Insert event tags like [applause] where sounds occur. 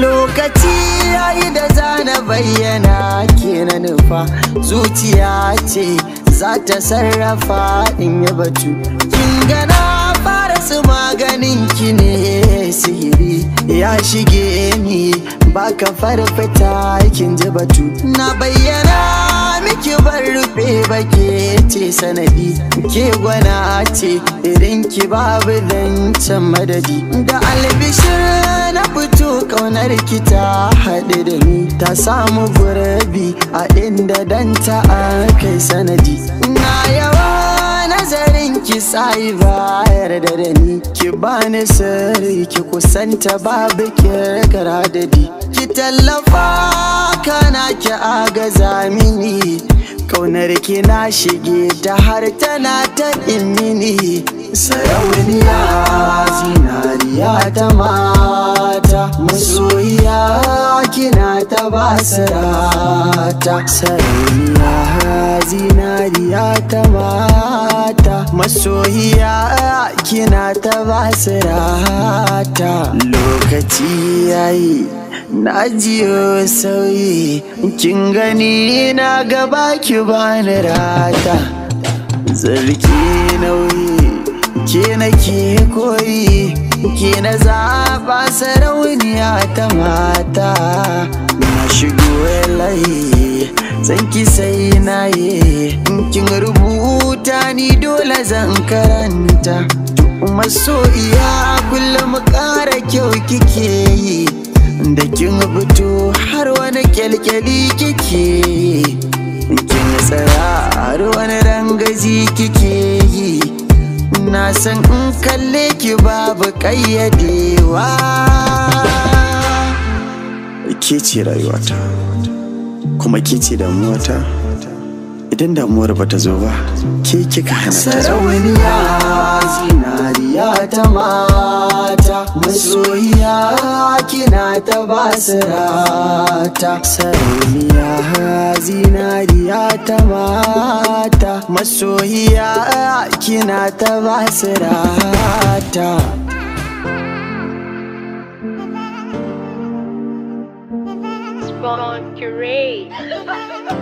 Lokaci ya yi da zana bayyana ke na nufa zuciya ce za ta sarrafa in yi batu. Kin gana fara su maganin ki ne sihiri ya shige ni baka fita kin ji batu. Na bayyana miki bar rufe ba ke ce sanadi ke gwana ce irin ki babu can madadi da albishin rikita ta haɗe da ni ta samu gurabi a inda danta a kai sanadi na yawa nazarin ki sai bayar da ni ki bani sirri ki kusanta babu kirkira da dadi ki tallafa kana ki agaza mini kaunar ki na shige ta har tana ta imini sarauniya zinariya ta ma ta masoyiya kina ta basirata sarauniya zinariya ta mata masoyiya kina ta basirata lokaci yayi na jiyo sauyi kin gani na gaba ki bani rata zarki nauyi ke nake koyi ke na zaɓa sarau ya ta mata na shigo zan ki sai na yi kin rubuta ni dole zan karanta masoyiya kullum ƙara kyau kike yi da kin fito har wani kyalkyali kike yi kin tsara har wani rangaji kike yi na san in kalle ki babu ƙayyadewa ke ce rayuwata kuma ke ce damuwata idan damuwar bata zo ba ke kika hana ta zo zinariya ta mata masoyiya kina ta basirata sarauniya zinariya ta mata masoyiya kina ta basirata Bon Curate. [laughs]